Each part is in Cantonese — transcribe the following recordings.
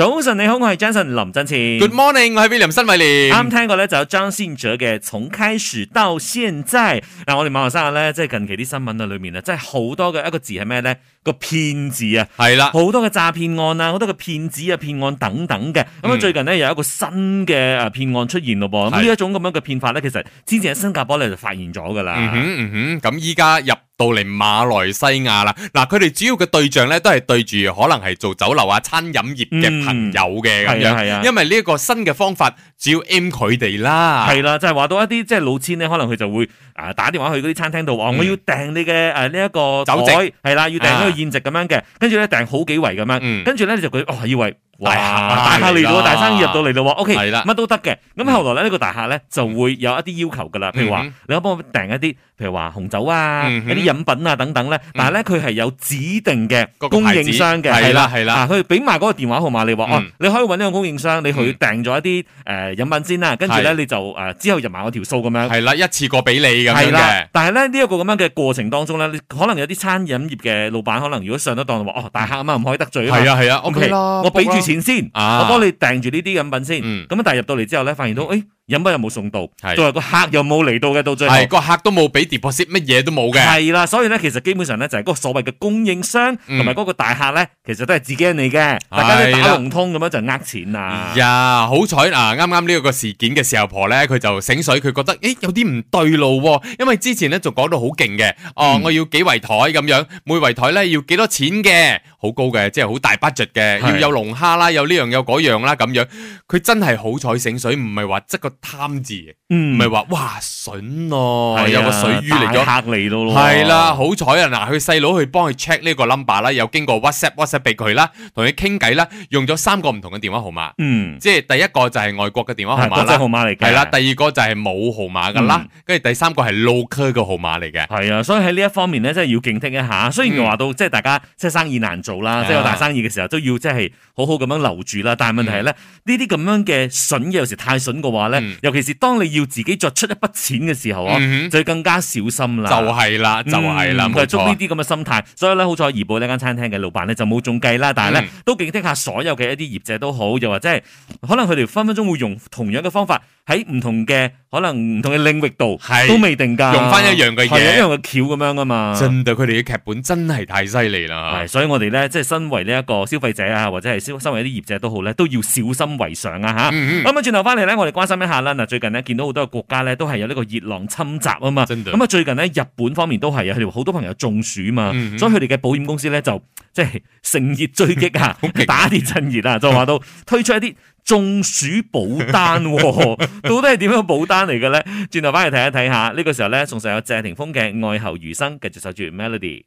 早晨，你好，我係 Jason 林振前。Good morning，我係 William 申偉廉。啱聽過咧就有張信哲嘅從開始到現在。嗱、啊，我哋馬來西亞咧，即係近期啲新聞啊裏面啊，真係好多嘅一個字係咩咧？個騙字啊，係啦的，好多嘅詐騙案啊，好多嘅騙子啊，騙案等等嘅。咁啊、嗯，最近呢，有一個新嘅啊騙案出現咯噃。咁呢一種咁樣嘅騙法咧，其實之前喺新加坡咧就發現咗噶啦。嗯哼咁依家入。嗯到嚟馬來西亞啦，嗱，佢哋主要嘅對象咧都係對住可能係做酒樓啊、餐飲業嘅朋友嘅咁樣，嗯啊、因為呢一個新嘅方法，只要 M 佢哋啦，係啦、啊，就係、是、話到一啲即係老千咧，可能佢就會啊打電話去嗰啲餐廳度話，嗯、我要訂你嘅誒呢一個酒席，係啦、啊，要訂呢個現值咁樣嘅，跟住咧訂好幾圍咁樣，跟住咧你就佢哦，二圍。大客大客嚟到，大生意入到嚟到，OK，乜都得嘅。咁後來咧，呢個大客咧就會有一啲要求噶啦，譬如話，你可以幫我訂一啲，譬如話紅酒啊，一啲飲品啊等等咧。但係咧，佢係有指定嘅供應商嘅，係啦係啦。佢俾埋嗰個電話號碼你話，哦，你可以揾呢個供應商，你去訂咗一啲誒飲品先啦。跟住咧你就誒之後入埋我條數咁樣。係啦，一次過俾你咁樣嘅。但係咧呢一個咁樣嘅過程當中咧，可能有啲餐飲業嘅老闆可能如果上得當就話，哦，大客啊嘛，唔可以得罪啊。係啊係啊，OK，我俾住。前先，啊、我幫你訂住呢啲飲品先。咁啊，但係入到嚟之後咧，發現到誒。嗯欸飲乜又冇送到，仲有個客又冇嚟到嘅，到最後個客都冇俾 deposit，乜嘢都冇嘅。係啦，所以咧，其實基本上咧就係嗰所謂嘅供應商同埋嗰個大客咧，其實都係自己人嚟嘅，大家打龍通咁樣就呃錢啊！呀，好彩啊，啱啱呢個事件嘅時候婆咧，佢就醒水，佢覺得誒有啲唔對路喎，因為之前咧仲講到好勁嘅，哦，我要幾圍台咁樣，每圍台咧要幾多錢嘅，好高嘅，即係好大 budget 嘅，要有龍蝦啦，有呢樣有嗰樣啦咁樣，佢真係好彩醒水，唔係話即個。貪字，唔係話哇筍咯、啊，啊、有個水魚嚟咗，嚇你到咯，係啦，好彩啊！嗱，佢細佬去幫佢 check 呢個 number 啦，又經過 WhatsApp WhatsApp 俾佢啦，同佢傾偈啦，用咗三個唔同嘅電話號碼，嗯，即係第一個就係外國嘅電話號碼啦、啊，國際號碼嚟嘅，係啦、啊，第二個就係冇號碼嘅啦，跟住、嗯、第三個係 local 嘅號碼嚟嘅，係啊，所以喺呢一方面咧，真係要警惕一下。雖然話到即係大家即係生意難做啦，即係、嗯、有大生意嘅時候都要即係好好咁樣留住啦。但係問題係咧，呢啲咁樣嘅筍有時太筍嘅話咧。嗯尤其是當你要自己再出一筆錢嘅時候啊，嗯、哼就更加小心啦。就係、是、啦，就係啦，冇錯、啊。係捉呢啲咁嘅心態，所以咧，好彩怡寶呢間餐廳嘅老闆咧就冇中計啦，但係咧、嗯、都警惕下所有嘅一啲業者都好，又或者係可能佢哋分分鐘會用同樣嘅方法。喺唔同嘅可能唔同嘅領域度對都未定噶，用翻一樣嘅嘢，一樣嘅橋咁樣噶嘛。針對，佢哋嘅劇本真係太犀利啦。所以我哋咧，即係身為呢一個消費者啊，或者係消身為啲業者都好咧，都要小心為上啊吓。咁啊、嗯嗯，轉頭翻嚟咧，嗯、我哋關心一下啦。嗱，最近呢，見到好多個國家咧都係有呢個熱浪侵襲啊嘛。咁啊的，最近呢，日本方面都係有佢哋好多朋友中暑嘛，嗯嗯嗯所以佢哋嘅保險公司咧就即係乘熱追擊啊，打鐵趁熱啊，就話、是、 到推出一啲。 中暑保單，到底係點樣保單嚟嘅咧？轉頭翻嚟睇一睇下，呢個時候咧送上有謝霆鋒嘅《愛後餘生》，繼續守住 Melody。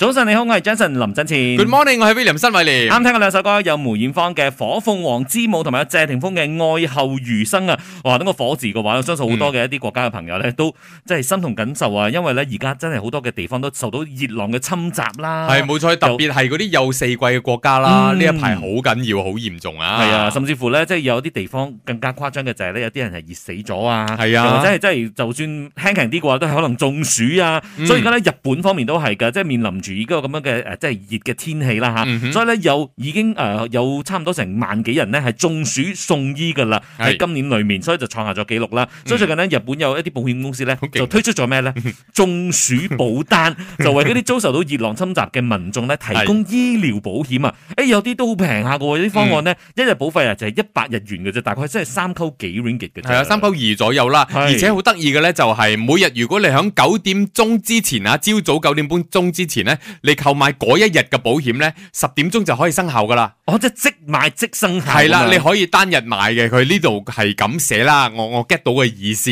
早晨，你好，我係 Jason 林振前。Good morning，我係 William 新偉廉。啱聽過兩首歌，有梅艷芳嘅《火鳳凰之舞》同埋有謝霆鋒嘅《愛後餘生》啊。哇，等個火字嘅話我相信好多嘅一啲國家嘅朋友咧，嗯、都即係心同感受啊。因為咧而家真係好多嘅地方都受到熱浪嘅侵襲啦、啊。係冇錯，特別係嗰啲有四季嘅國家啦、啊，呢、嗯、一排好緊要，好嚴重啊。係啊，甚至乎咧，即係有啲地方更加誇張嘅就係咧，有啲人係熱死咗啊。係啊，或者係真係就算輕輕啲嘅話，都係可能中暑啊。啊所以而家咧，日本方面都係嘅，即係面臨住。而嗰個咁樣嘅誒，即係熱嘅天氣啦嚇，所以咧有已經誒有差唔多成萬幾人咧係中暑送醫㗎啦，喺今年裏面，所以就創下咗記錄啦。所以最近呢，日本有一啲保險公司咧就推出咗咩咧中暑保單，就為嗰啲遭受到熱浪侵襲嘅民眾咧提供醫療保險啊！誒，有啲都好平下㗎喎，有啲方案呢，一日保費啊就係一百日元嘅啫，大概即係三溝幾 ringgit 嘅啫，三溝二左右啦。而且好得意嘅咧就係每日如果你響九點鐘之前啊，朝早九點半鐘之前咧，你購買嗰一日嘅保險咧，十點鐘就可以生效噶啦。哦，即係即買即生效。係啦，你可以單日買嘅，佢呢度係咁寫啦。我我 get 到嘅意思，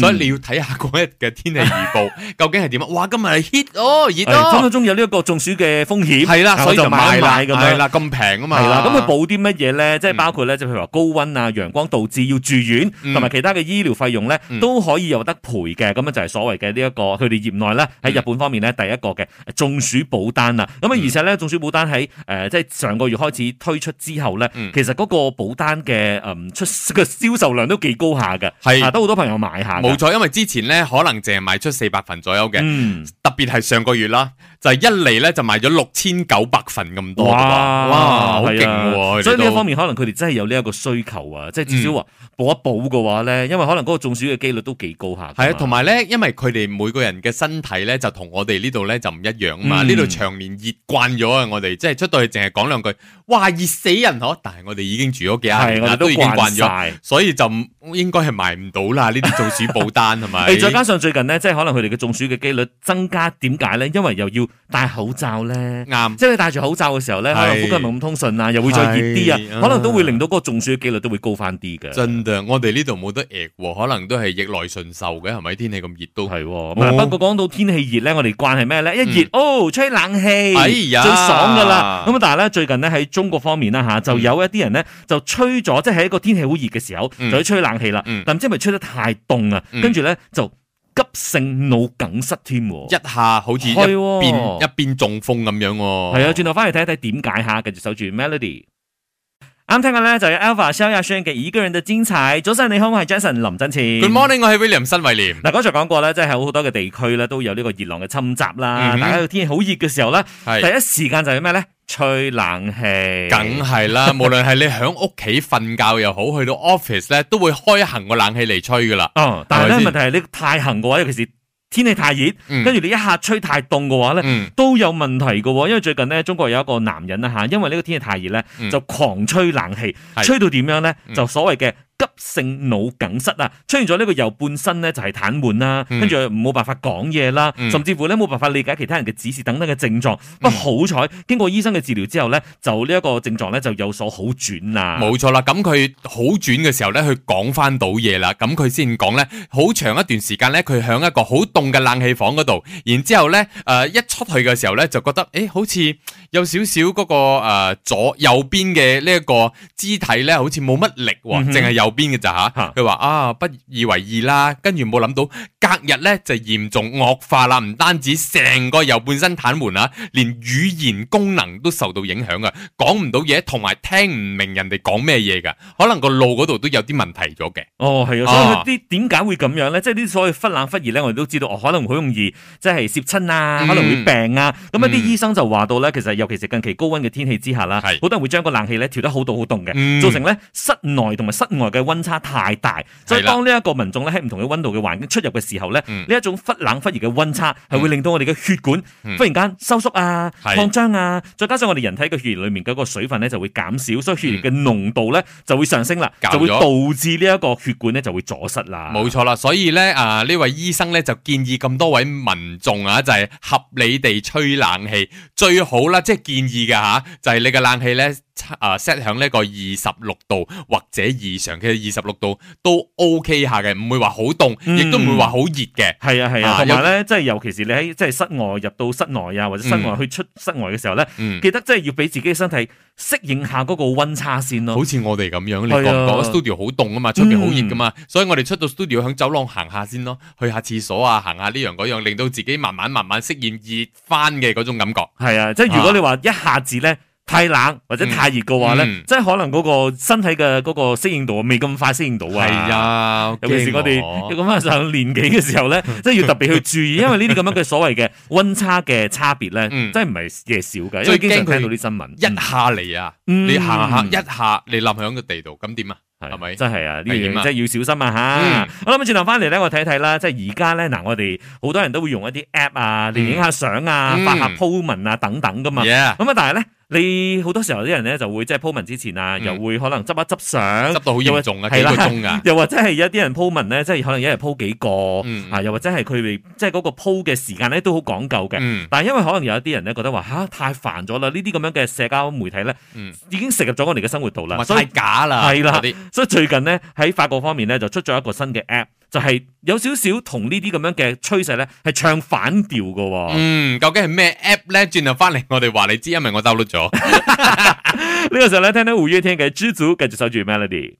所以你要睇下嗰日嘅天氣預報究竟係點啊。哇，今日係 heat 哦，熱哦，分分鐘有呢一個中暑嘅風險。係啦，所以就買買咁樣。係啦，咁平啊嘛。係啦，咁佢保啲乜嘢咧？即係包括咧，就譬如話高溫啊、陽光導致要住院，同埋其他嘅醫療費用咧，都可以有得賠嘅。咁樣就係所謂嘅呢一個，佢哋業內咧喺日本方面咧，第一個嘅中暑。主保單啊，咁啊，而且咧，眾主保單喺，誒、呃，即係上個月開始推出之後咧，嗯、其實嗰個保單嘅誒、呃、出個銷售量都幾高下嘅，係都好多朋友買下，冇錯，因為之前咧可能淨係賣出四百份左右嘅，嗯、特別係上個月啦。就一嚟咧就賣咗六千九百份咁多，哇，好勁喎！所以呢一方面可能佢哋真係有呢一個需求啊，即係至少話補一補嘅話咧，因為可能嗰個中暑嘅幾率都幾高下。係啊，同埋咧，因為佢哋每個人嘅身體咧就同我哋呢度咧就唔一樣啊嘛，呢度長年熱慣咗啊，我哋即係出到去淨係講兩句，哇，熱死人嗬！但係我哋已經住咗幾廿年啦，都已經慣咗，所以就應該係賣唔到啦呢啲中暑保單係咪？誒，再加上最近咧，即係可能佢哋嘅中暑嘅幾率增加，點解咧？因為又要。戴口罩咧，啱。即係你戴住口罩嘅時候咧，可能呼吸唔係咁通順啊，又會再熱啲啊，可能都會令到嗰個中暑嘅幾率都會高翻啲嘅。真嘅，我哋呢度冇得逆，可能都係逆來順受嘅，係咪？天氣咁熱都係。不過講到天氣熱咧，我哋慣係咩咧？一熱哦，吹冷氣，最爽噶啦。咁但係咧，最近咧喺中國方面啦吓，就有一啲人咧就吹咗，即係喺一個天氣好熱嘅時候就去吹冷氣啦。但唔知係咪吹得太凍啊？跟住咧就。急性腦梗塞添，一下好似一邊對噢一邊中風咁樣，係啊，轉頭翻嚟睇一睇點解吓，繼續守住 melody。啱聽嘅咧就係 Elva、蕭亞中文、軒嘅《一個人的精彩》。早晨你好，我係 Jason 林振前。Good morning，我係 William 申偉廉。嗱剛才講過咧，即係好多嘅地區咧都有呢個熱浪嘅侵襲啦。大家喺個天氣好熱嘅時候咧，mm hmm. 第一時間就係咩咧？中文吹冷氣，梗係啦。 無論係你喺屋企瞓覺又好， 去到 office 咧，都會開行個冷氣嚟吹噶啦。嗯，但係咧，問題係你太行嘅話，尤其是天氣太熱，跟住、嗯、你一下吹太凍嘅話咧，嗯、都有問題嘅。因為最近咧，中國有一個男人啦吓，因為呢個天氣太熱咧，就狂吹冷氣，嗯、吹到點樣咧，就所謂嘅。急性腦梗塞啊，出現咗呢個右半身咧就係癱瘓啦，跟住冇辦法講嘢啦，嗯、甚至乎咧冇辦法理解其他人嘅指示等等嘅症狀。嗯、不過好彩，經過醫生嘅治療之後咧，就呢一個症狀咧就有所好轉啦。冇錯啦，咁佢好轉嘅時候咧，佢講翻到嘢啦，咁佢先講咧好長一段時間咧，佢喺一個好凍嘅冷氣房嗰度，然之後咧誒、呃、一出去嘅時候咧就覺得誒、欸、好似有少少嗰、嗰個誒左、呃、右邊嘅呢一個肢體咧好似冇乜力喎，淨係有。邊嘅就吓，佢話啊不以為意啦，跟住冇諗到隔日咧就嚴重惡化啦，唔單止成個右半身癱瘓啦，連語言功能都受到影響啊，講唔到嘢，同埋聽唔明人哋講咩嘢噶，可能個腦嗰度都有啲問題咗嘅。哦，係啊，所以啲點解會咁樣咧？啊、即係啲所謂忽冷忽熱咧，我哋都知道哦，可能好容易即係攝親啊，嗯、可能會病啊。咁一啲醫生就話到咧，其實尤其是近期高溫嘅天氣之下啦，好是多人都會將個冷氣咧調得好凍好凍嘅，嗯、造成咧室內同埋室外嘅。溫差太大，所以當呢一個民眾咧喺唔同嘅溫度嘅環境出入嘅時候咧，呢、嗯、一種忽冷忽熱嘅溫差係會令到我哋嘅血管忽然間收縮啊、擴張、嗯、啊，是的 再加上我哋人體嘅血液裏面嗰個水分咧就會減少，所以血液嘅濃度咧就會上升啦，嗯、就會導致呢一個血管咧就會阻塞啦。冇錯啦，所以咧啊呢位醫生咧就建議咁多位民眾啊就係、是、合理地吹冷氣，最好啦，即、就、係、是、建議嘅吓，就係、是、你嘅冷氣咧啊 set 響呢個二十六度或者以上嘅。二十六度都 OK 下嘅，唔會話好凍，亦都唔會話好熱嘅。係啊係啊，同埋咧，即係尤其是你喺即係室外入到室內啊，或者室外去出室外嘅時候咧，記得即係要俾自己嘅身體適應下嗰個温差先咯。好似我哋咁樣，你覺唔覺得 studio 好凍啊嘛，出邊好熱噶嘛，所以我哋出到 studio 響走廊行下先咯，去下廁所啊，行下呢樣嗰樣，令到自己慢慢慢慢適應熱翻嘅嗰種感覺。係啊，即係如果你話一下子咧。太冷或者太熱嘅話咧，即係可能嗰個身體嘅嗰個適應度未咁快適應到啊。係啊，尤其是我哋咁啊上年紀嘅時候咧，即係要特別去注意，因為呢啲咁樣嘅所謂嘅溫差嘅差別咧，真係唔係嘢少噶。最近聽到啲新聞，一下嚟啊，你下下一下你冧響個地度，咁點啊？係咪真係啊？呢樣嘢真係要小心啊！吓，好啦咁轉頭翻嚟咧，我睇睇啦。即係而家咧，嗱，我哋好多人都會用一啲 app 啊，連影下相啊，發下鋪文啊，等等噶嘛。咁啊，但係咧。你好多時候啲人咧就會即係 po 文之前啊，嗯、又會可能執一執相，執到好嚴重啊，幾個鐘噶，又或者係有一啲人 po 文咧，即係可能一日 po 幾個，啊，嗯、又或者係佢哋即係嗰個 po 嘅時間咧都好講究嘅。嗯、但係因為可能有一啲人咧覺得話嚇、啊、太煩咗啦，呢啲咁樣嘅社交媒體咧，嗯、已經食入咗我哋嘅生活度啦，太假啦，係啦，所以最近咧喺法國方面咧就出咗一個新嘅 app。就係有少少同呢啲咁樣嘅趨勢咧，係唱反調嘅。嗯，究竟係咩 app 咧？轉啊翻嚟，我哋話你知，因為我收得咗。呢個時候咧聽到五月天嘅《知足》，繼續守住 melody。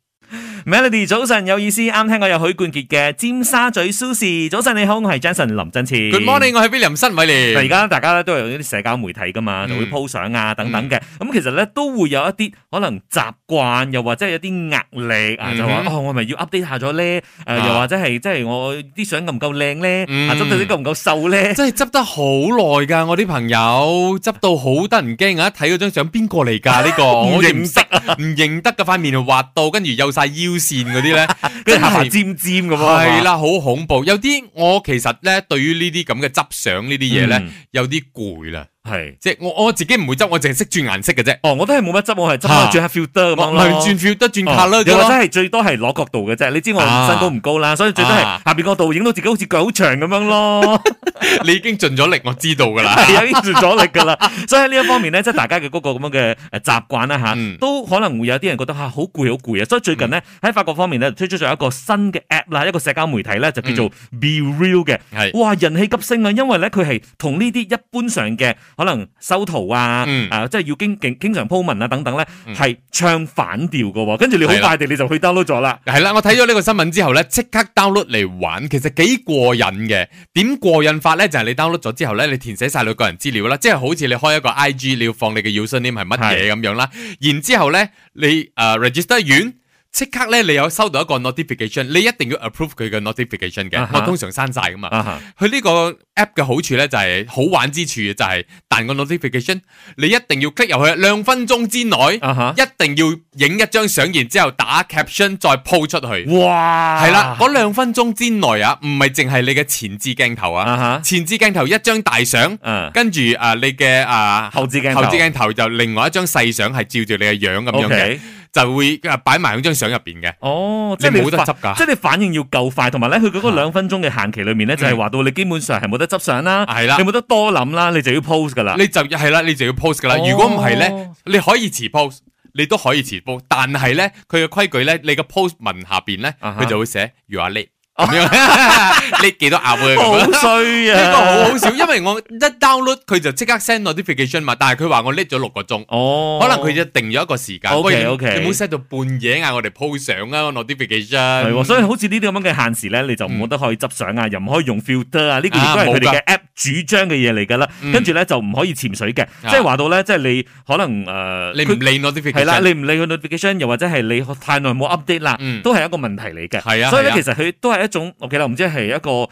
Melody，早晨有意思，啱聽過有許冠傑嘅《尖沙咀 Susie》。早晨你好，我係 Jason 林振超。Good morning，我係邊林新偉嚟。而家大家咧都係用呢啲社交媒體噶嘛，就會鋪相啊等等嘅。咁其實咧都會有一啲可能習慣，又或者係有啲壓力啊，就話哦，我咪要 update 下咗咧。誒，又或者係即係我啲相咁唔夠靚咧，啊，執到啲夠唔夠瘦咧？真係執得好耐噶，我啲朋友執到好得人驚啊！一睇嗰張相，邊個嚟噶呢個？唔識，唔認得嘅塊面滑到，跟住又晒腰。挑線嗰啲咧，跟住牙牙尖尖咁啊，係、yes, 啦，好恐怖。有啲我其實咧，對於呢啲咁嘅執相呢啲嘢咧，有啲攰啦。ナ starving 係是即係我我自己唔會執，我淨係識轉顏色嘅啫。哦，我都係冇乜執，我係執下轉下 filter 咁咯，係轉 filter 轉卡咯。或者真係最多係攞角度嘅啫。你知我身高唔高啦，啊、所以最多係下邊角度影到自己好似腳好長咁樣咯。 你已經盡咗力，我知道噶啦，係啊，盡咗力噶啦。所以喺呢一方面咧，即、就、係、是、大家嘅嗰個咁樣嘅誒習慣啦吓，嗯、都可能會有啲人覺得吓好攰，好攰啊。所以最近呢，喺、嗯、法國方面咧推出咗一個新嘅 app 啦，一個社交媒體咧就叫做 Be Real 嘅，嗯、哇人氣急升啊，因為咧佢係同呢啲一般上嘅。可能修圖啊，啊，即係要經經經常鋪文啊，等等咧，係唱反調嘅喎，跟住你好快地你就去 download 咗啦的。係啦了，我睇咗呢個新聞之後咧，即刻 download 嚟玩，其實幾過癮嘅。點過癮法咧？就係、是、你 download 咗之後咧，你填寫晒你個人資料啦，即係好似你開一個 IG，你要放你嘅 username 係乜嘢咁樣啦。是的 然之後咧，你誒、uh, register 完。即刻咧，你有收到一個 notification，你一定要 approve 佢嘅 notification 嘅。我通常刪晒㗎嘛。佢呢個 app 嘅好處咧就係好玩之處就係彈個 notification，你一定要 click 入去兩分鐘之內，一定要影一張相，然之後打 caption 再 po 出去。哇，係啦，嗰兩分鐘之內啊，唔係淨係你嘅前置鏡頭啊，前置鏡頭一張大相，跟住誒你嘅誒後置鏡頭，後置鏡頭就另外一張細相係照住你嘅樣咁樣嘅。就會擺埋喺張相入邊嘅，哦，即係冇得執噶，即係你反應要夠快，同埋咧，佢嗰個兩分鐘嘅限期裏面咧，嗯、就係話到你基本上係冇得執相啦，係啦、嗯，你冇得多諗啦，你就要 post 噶啦，你就係啦，你就要 post 噶啦，如果唔係咧，你可以遲 post 你都可以遲 post 但係咧，佢嘅規矩咧，你個 post 文下邊咧，佢、啊、哈就會寫 you're late。咁樣，你幾多鴨啊？好衰啊！呢個好好笑，因為我一 download 佢就即刻 send 我啲 notification 嘛。但係佢話我搦咗六個鐘，哦，可能佢就定咗一個時間。O K O K，你唔好 send 到半夜嗌我哋 po 相啊，攞啲 notification 係喎。所以好似呢啲咁樣嘅限時咧，你就冇得可以執相啊，又唔可以用 filter 啊。呢個亦都係佢哋嘅 app 主張嘅嘢嚟㗎啦。跟住咧就唔可以潛水嘅，即係話到咧，即係你可能誒，你唔理嗰啲係啦，你唔理佢啲 notification，又或者係你太耐冇 update 啦，都係一個問題嚟嘅。係啊，所以咧其實佢都係一種我記得唔知係一個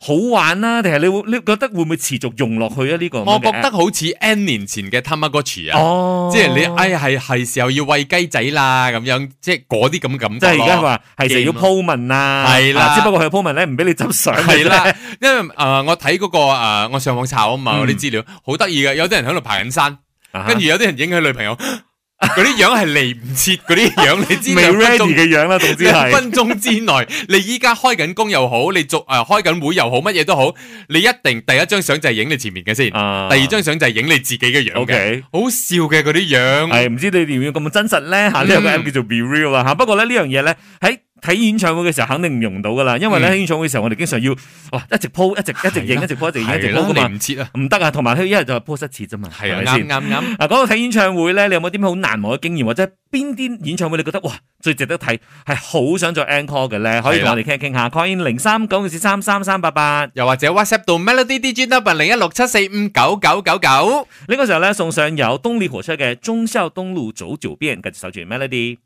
好玩啦、啊，定係你會你覺得會唔會持續用落去啊？呢、這個這我覺得好似 N 年前嘅 t a Tamagotchi 啊，哦、即係你哎係係時候要喂雞仔啦咁樣，即係嗰啲咁咁。即係而家佢話係成咗鋪文啊，係、啊、對啦、啊，只不過佢鋪文咧唔俾你執相。係啦， 因為誒、呃、我睇嗰、那個誒、呃、我上網查啊嘛，啲資料好得意嘅，有啲人喺度爬緊山，跟住有啲人影佢女朋友。 嗰啲 樣係嚟唔切，嗰啲樣你知未 ready 嘅樣啦，總 之分鐘之內， 你依家開緊工又好，你做誒、呃、開緊會又好，乜嘢都好，你一定第一張相就係影你前面嘅先，啊、第二張相就係影你自己嘅樣嘅，Okay. 好笑嘅嗰啲樣，係唔知你哋要咁真實咧吓？呢、嗯、個 app 叫做 Be Real 啦吓，不過咧呢樣嘢咧喺。睇演唱會嘅時候肯定唔用到噶啦，因為咧喺、嗯、演唱會嘅時候，我哋經常要哇一直鋪一直一直影一直鋪一直影一直鋪噶的嘛，唔切啊！唔得啊！同埋佢一日就係鋪失詞啫嘛，啱啱啱。嗱講到睇演唱會咧，你有冇啲咩好難忘嘅經驗，或者邊啲演唱會你覺得哇最值得睇，係好想再 encore 嘅咧？可以同我哋傾傾下。call in 零三九二四三三三八八，8，又或者 WhatsApp 到 Melody D J Double 零一六七四五九九九九。呢個時候咧送上由動力火車嘅《忠孝東路走九遍》嘅小姐 Melody。